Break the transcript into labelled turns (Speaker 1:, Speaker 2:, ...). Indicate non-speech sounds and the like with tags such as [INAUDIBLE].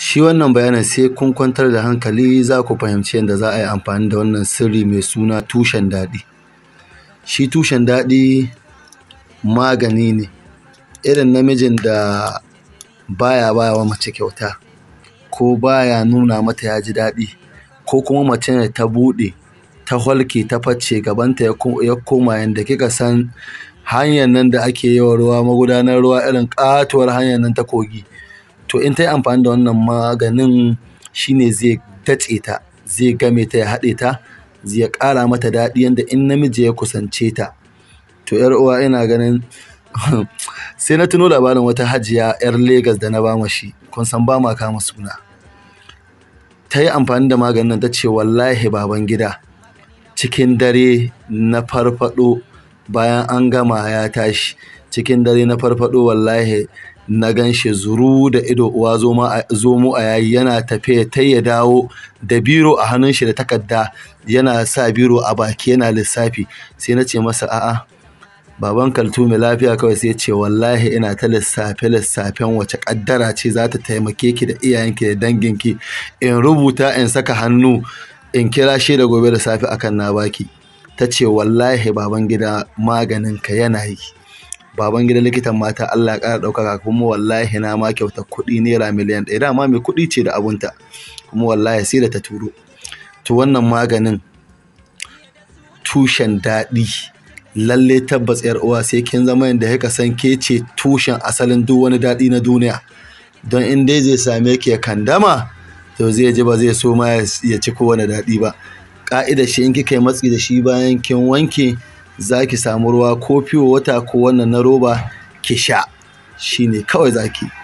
Speaker 1: shi wannan bayanin sai kun kwantar da hankali za ku fahimci yadda za a yi amfani da wannan sirri mai suna tushen daɗi shi tushen daɗi magani ne irin namijin da baya baya wa mace kyauta ko baya nuna mata ya ji daɗi ko kuma mace ne ta buɗe ta holke ta face gabanta ya koma yadda kika san hanyar nan da ake yawan ruwa magudanar ruwa irin katuwar hanyar nan ta kogi to in ta yi amfani da wannan maganin shine zai datse ta zai game ta ya haɗe ta zai ƙara mata daɗi yadda in namiji ya kusance ta to yar uwa ina ganin [LAUGHS] sai na tuno labarin wata hajiya yar Legas da na bama shi kun san ba ma kama suna ta yi amfani da maganin ta ce wallahi baban gida cikin dare na farfado bayan an gama ya tashi cikin dare na farfado wallahi na gan shi zuru da ido uwa zomo a yayi yana tafe ta ya dawo da biro a hannun shi da takarda yana sa biro a baki yana lissafi sai na ce masa a'a baban kaltumi lafiya kawai sai ce wallahi ina ta lissafe lissafen wace kaddara ce za ta taimake ki da iyayenki da dangin ki? in rubuta in saka hannu in kira shi da gobe da safe akan na baki ta ce wallahi baban gida maganinka yana yi baban gidan likitan mata Allah ya ƙara ɗaukaka kuma wallahi na ma kyauta kuɗi naira miliyan ɗaya dama mai kuɗi ce da abunta kuma wallahi sai da ta turo to wannan maganin tushen daɗi lalle tabbas yar uwa sai kin zama yadda kika san ke ce tushen asalin duk wani daɗi na duniya don in dai zai same ki ya kandama to zai ji ba zai so ma ya ci kowane daɗi ba Ka'ida shi in kika matsi da shi bayan kin wanke za ki samu ruwa ko fiyo wata ko wannan na roba ki sha shi ne kawai za ki